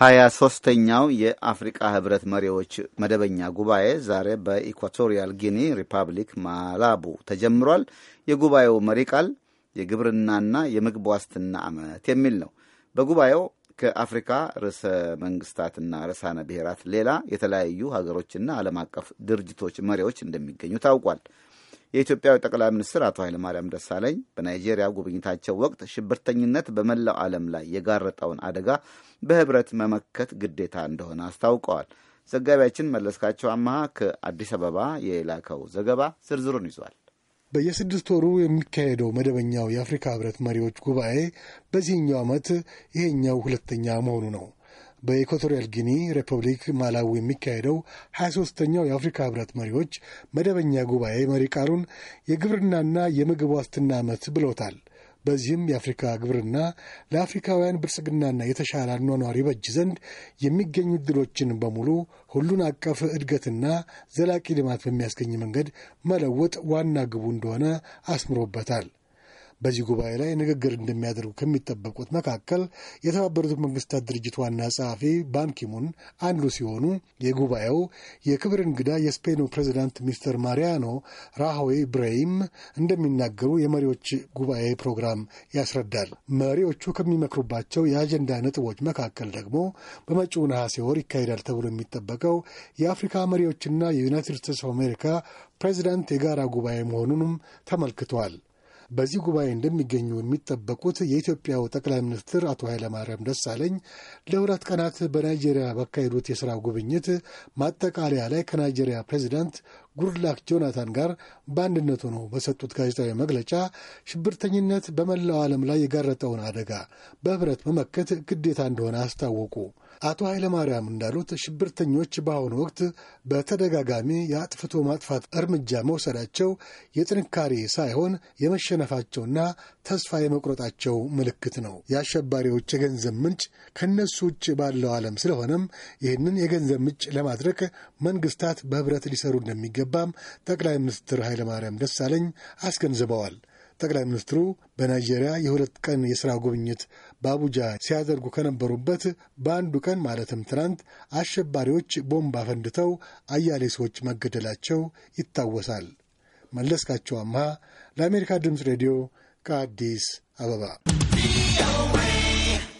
ሀያ ሶስተኛው የአፍሪቃ ህብረት መሪዎች መደበኛ ጉባኤ ዛሬ በኢኳቶሪያል ጊኒ ሪፐብሊክ ማላቡ ተጀምሯል። የጉባኤው መሪ ቃል የግብርናና የምግብ ዋስትና ዓመት የሚል ነው። በጉባኤው ከአፍሪካ ርዕሰ መንግስታትና ርዕሳነ ብሔራት ሌላ የተለያዩ ሀገሮችና ዓለም አቀፍ ድርጅቶች መሪዎች እንደሚገኙ ታውቋል። የኢትዮጵያው ጠቅላይ ሚኒስትር አቶ ኃይለማርያም ደሳለኝ በናይጄሪያ ጉብኝታቸው ወቅት ሽብርተኝነት በመላው ዓለም ላይ የጋረጠውን አደጋ በህብረት መመከት ግዴታ እንደሆነ አስታውቀዋል። ዘጋቢያችን መለስካቸው አመሃ ከአዲስ አበባ የላከው ዘገባ ዝርዝሩን ይዟል። በየስድስት ወሩ የሚካሄደው መደበኛው የአፍሪካ ህብረት መሪዎች ጉባኤ በዚህኛው ዓመት ይሄኛው ሁለተኛ መሆኑ ነው። በኢኳቶሪያል ጊኒ ሪፐብሊክ ማላዊ የሚካሄደው 23ተኛው የአፍሪካ ህብረት መሪዎች መደበኛ ጉባኤ መሪ ቃሉን የግብርናና የምግብ ዋስትና ዓመት ብለውታል። በዚህም የአፍሪካ ግብርና ለአፍሪካውያን ብልጽግናና የተሻለ አኗኗር ይበጅ ዘንድ የሚገኙ እድሎችን በሙሉ ሁሉን አቀፍ እድገትና ዘላቂ ልማት በሚያስገኝ መንገድ መለወጥ ዋና ግቡ እንደሆነ አስምሮበታል። በዚህ ጉባኤ ላይ ንግግር እንደሚያደርጉ ከሚጠበቁት መካከል የተባበሩት መንግስታት ድርጅት ዋና ጸሐፊ ባንኪሙን አንዱ ሲሆኑ የጉባኤው የክብር እንግዳ የስፔኑ ፕሬዚዳንት ሚስተር ማሪያኖ ራሆይ ብሬይም እንደሚናገሩ የመሪዎች ጉባኤ ፕሮግራም ያስረዳል። መሪዎቹ ከሚመክሩባቸው የአጀንዳ ነጥቦች መካከል ደግሞ በመጪው ነሐሴ ወር ይካሄዳል ተብሎ የሚጠበቀው የአፍሪካ መሪዎችና የዩናይትድ ስቴትስ አሜሪካ ፕሬዚዳንት የጋራ ጉባኤ መሆኑንም ተመልክተዋል። በዚህ ጉባኤ እንደሚገኙ የሚጠበቁት የኢትዮጵያው ጠቅላይ ሚኒስትር አቶ ኃይለማርያም ደሳለኝ ለሁለት ቀናት በናይጄሪያ ባካሄዱት የሥራ ጉብኝት ማጠቃለያ ላይ ከናይጄሪያ ፕሬዚዳንት ጉድላክ ጆናታን ጋር በአንድነት ሆነው በሰጡት ጋዜጣዊ መግለጫ ሽብርተኝነት በመላው ዓለም ላይ የጋረጠውን አደጋ በህብረት መመከት ግዴታ እንደሆነ አስታወቁ። አቶ ኃይለማርያም እንዳሉት ሽብርተኞች በአሁኑ ወቅት በተደጋጋሚ የአጥፍቶ ማጥፋት እርምጃ መውሰዳቸው የጥንካሬ ሳይሆን የመሸነፋቸውና ተስፋ የመቁረጣቸው ምልክት ነው። የአሸባሪዎች የገንዘብ ምንጭ ከእነሱ ውጭ ባለው ዓለም ስለሆነም ይህንን የገንዘብ ምንጭ ለማድረግ መንግስታት በህብረት ሊሰሩ እንደሚገባም ጠቅላይ ሚኒስትር ኃይለማርያም ደሳለኝ አስገንዝበዋል። ጠቅላይ ሚኒስትሩ በናይጄሪያ የሁለት ቀን የሥራ ጉብኝት በአቡጃ ሲያደርጉ ከነበሩበት በአንዱ ቀን ማለትም ትናንት አሸባሪዎች ቦምብ አፈንድተው አያሌ ሰዎች መገደላቸው ይታወሳል። መለስካቸው አምሃ ለአሜሪካ ድምፅ ሬዲዮ ከአዲስ አበባ